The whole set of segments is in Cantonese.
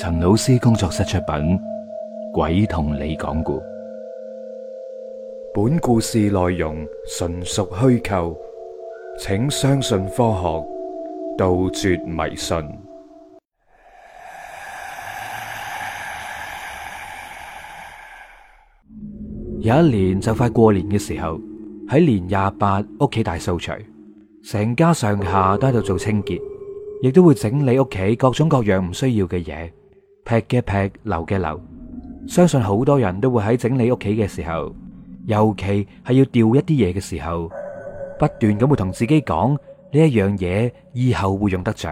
陳老師工作室出品《鬼同你講故》，本故事內容純屬虛構，請相信科學，杜絕迷信。有一年就快過年嘅時候，喺年廿八屋企大掃除，成家上下都喺度做清潔，亦都會整理屋企各種各樣唔需要嘅嘢。劈嘅劈，留嘅留。相信好多人都會喺整理屋企嘅時候，尤其係要掉一啲嘢嘅時候，不斷咁會同自己講，呢一樣嘢以後會用得着。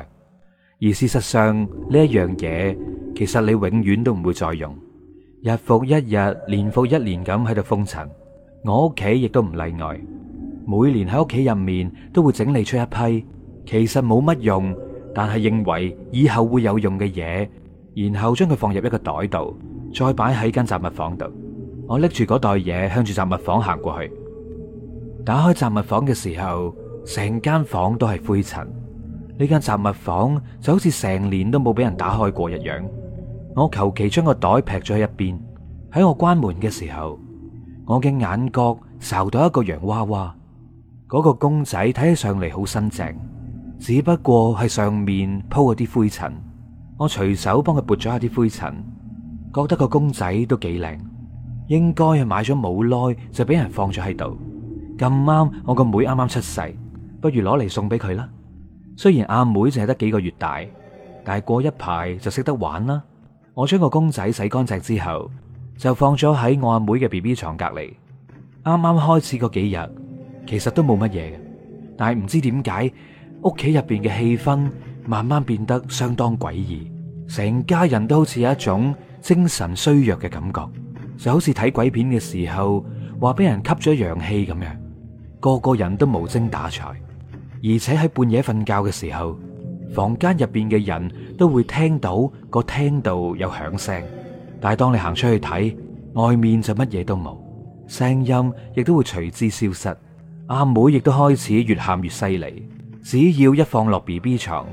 而事實上呢一樣嘢，其實你永遠都唔會再用。日復一日，年復一年咁喺度封塵。我屋企亦都唔例外。每年喺屋企入面都會整理出一批，其實冇乜用，但係認為以後會有用嘅嘢。然後將佢放入一個袋度，再擺喺間雜物房度。我拎住嗰袋嘢向住雜物房行過去。打開雜物房嘅時候，成間房都係灰塵。呢間雜物房就好似成年都冇俾人打開過一樣。我求其將個袋劈咗喺一邊。喺我關門嘅時候，我嘅眼角睄到一個洋娃娃。嗰個公仔睇起上嚟好新淨，只不過係上面鋪咗啲灰塵。我隨手幫佢撥咗下啲灰塵，覺得個公仔都幾靚，應該係買咗冇耐就俾人放咗喺度。咁啱我個妹啱啱出世，不如攞嚟送俾佢啦。雖然阿妹淨係得幾個月大，但係過一排就識得玩啦。我將個公仔洗乾淨之後，就放咗喺我阿妹嘅 BB 床隔籬。啱啱開始嗰幾日，其實都冇乜嘢嘅，但係唔知點解屋企入邊嘅氣氛慢慢變得相當詭異，成家人都好似有一種精神衰弱嘅感覺，就好似睇鬼片嘅時候話俾人吸咗陽氣咁樣，個個人都無精打采，而且喺半夜瞓覺嘅時候，房間入邊嘅人都會聽到個聽到有響聲，但係當你行出去睇，外面就乜嘢都冇，聲音亦都會隨之消失。阿妹亦都開始越喊越犀利，只要一放落 BB 床，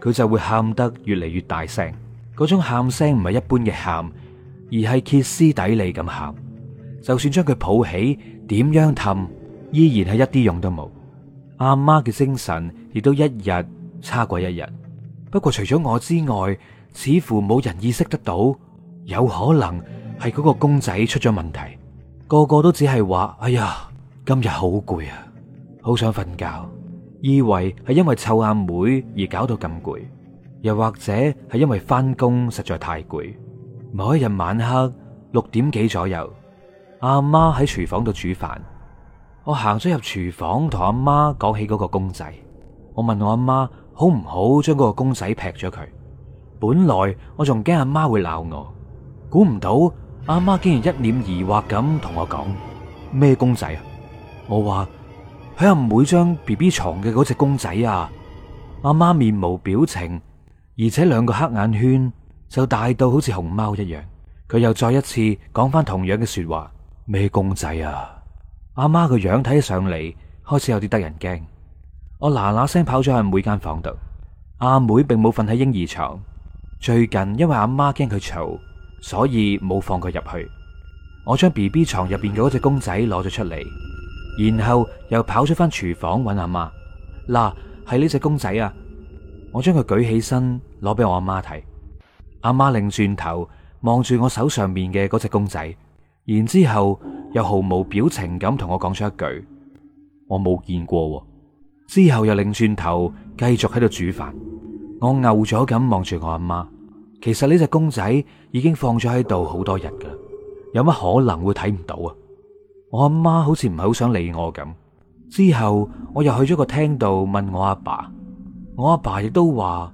佢就會喊得越嚟越大聲，嗰種喊聲唔係一般嘅喊，而係歇斯底里咁喊。就算將佢抱起，點樣氹，依然係一啲用都冇。阿媽嘅精神亦都一日差過一日。不過除咗我之外，似乎冇人意識得到，有可能係嗰個公仔出咗問題。個個都只係話：哎呀，今日好攰啊，好想瞓覺。以為係因為湊阿妹而搞到咁攰，又或者係因為翻工實在太攰。某一日晚黑六點幾左右，阿媽喺廚房度煮飯，我行咗入廚房同阿媽講起嗰個公仔。我問我阿媽好唔好將嗰個公仔劈咗佢。本來我仲驚阿媽會鬧我，估唔到阿媽竟然一臉疑惑咁同我講咩公仔啊？我話。佢又唔會將 B B 床嘅嗰隻公仔啊？阿媽面無表情，而且兩個黑眼圈就大到好似熊貓一樣。佢又再一次講翻同樣嘅說話咩公仔啊？阿媽個樣睇起上嚟開始有啲得人驚。我嗱嗱聲跑咗去每間房度。阿妹並冇瞓喺嬰兒床，最近因為阿媽驚佢嘈，所以冇放佢入去。我將 B B 床入邊嘅嗰隻公仔攞咗出嚟。然後又跑出翻廚房揾阿媽，媽，嗱係呢隻公仔啊！我將佢舉起身攞俾我阿媽睇，阿媽擰轉頭望住我手上面嘅嗰隻公仔，然之後又毫無表情咁同我講出一句：我冇見過。之後又擰轉頭繼續喺度煮飯。我牛咗咁望住我阿媽，其實呢隻公仔已經放咗喺度好多日噶，有乜可能會睇唔到啊？我阿媽好似唔係好想理我咁。之後我又去咗個廳度問我阿爸，我阿爸亦都話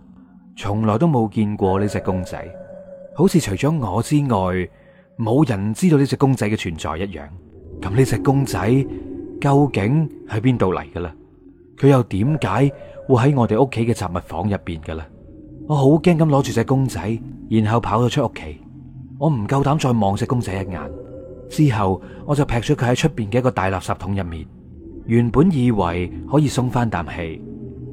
從來都冇見過呢隻公仔，好似除咗我之外，冇人知道呢隻公仔嘅存在一樣。咁呢隻公仔究竟喺邊度嚟嘅呢？佢又點解會喺我哋屋企嘅雜物房入邊嘅呢？我好驚咁攞住隻公仔，然後跑咗出屋企，我唔夠膽再望隻公仔一眼。之後我就劈咗佢喺出邊嘅一個大垃圾桶入面，原本以為可以鬆翻啖氣，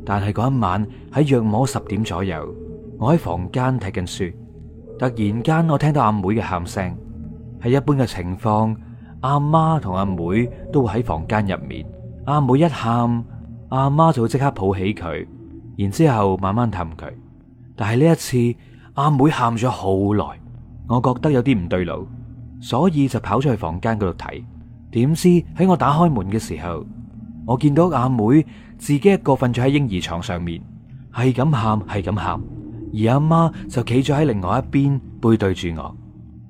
但係嗰一晚喺約莫十點左右，我喺房間睇緊書，突然間我聽到阿妹嘅喊聲。喺一般嘅情況，阿媽同阿妹都會喺房間入面，阿妹一喊，阿媽就會即刻抱起佢，然之後慢慢氹佢。但係呢一次，阿妹喊咗好耐，我覺得有啲唔對路。所以就跑出去房間嗰度睇，點知喺我打開門嘅時候，我見到阿妹自己一個瞓咗喺嬰兒床上面，係咁喊，係咁喊，而阿媽就企咗喺另外一邊背對住我，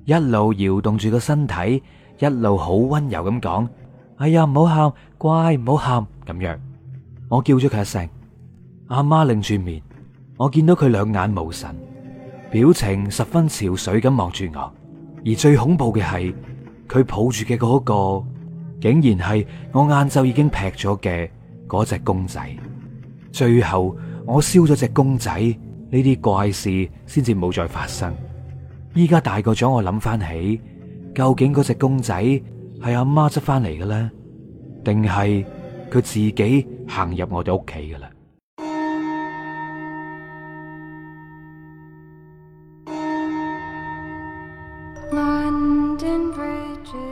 一路搖動住個身體，一路好溫柔咁講：哎呀唔好喊，乖唔好喊。咁樣，我叫咗佢一聲，阿媽擰住面，我見到佢兩眼無神，表情十分憔悴咁望住我。而最恐怖嘅係，佢抱住嘅嗰個，竟然係我晏晝已經劈咗嘅嗰隻公仔。最後我燒咗隻公仔，呢啲怪事先至冇再發生。依家大個咗，我諗翻起，究竟嗰隻公仔係阿媽執翻嚟嘅咧，定係佢自己行入我哋屋企嘅啦？